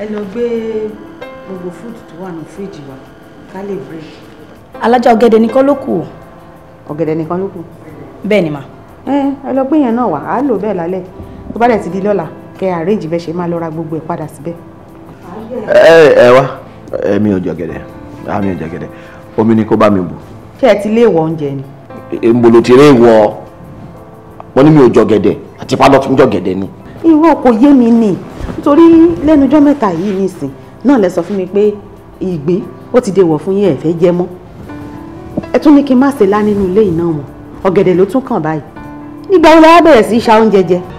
ẹ gbogbo fúdù wà wa ká lè alájà ọ̀gẹ̀dẹ̀ nìkan ló kù ọ̀gẹ̀dẹ̀ nìkan bẹ́ẹ̀ ni mà. ẹ lọ gbé yẹn náà wá á lò bẹ́ẹ̀ lálẹ́ tó bá dẹ̀ ti di lọ́la kẹ́ bẹ́ẹ̀ ṣe máa gbogbo ẹ̀ padà síbẹ̀. ẹ wá ò ò omi ni kó bá mi bù. ẹ ti lé wọ oúnjẹ ni. ti rí wọn mi ò àti pálọ̀ tún ni. ìwọ kò yé mi torí lẹ́nujọ́ mẹ́ta yìí nìsín náà lẹ sọ fún mi pé ìgbín ó ti dèwọ̀ fún yín ẹ fẹ́ jẹ mọ́ ẹ tún ní kí n má ṣe lá nínú ilé yìí náà mọ́ ọ̀gẹ̀dẹ̀ ló tún kàn báyìí nígbà wo la bẹ̀rẹ̀ sí í ṣa oúnjẹ jẹ.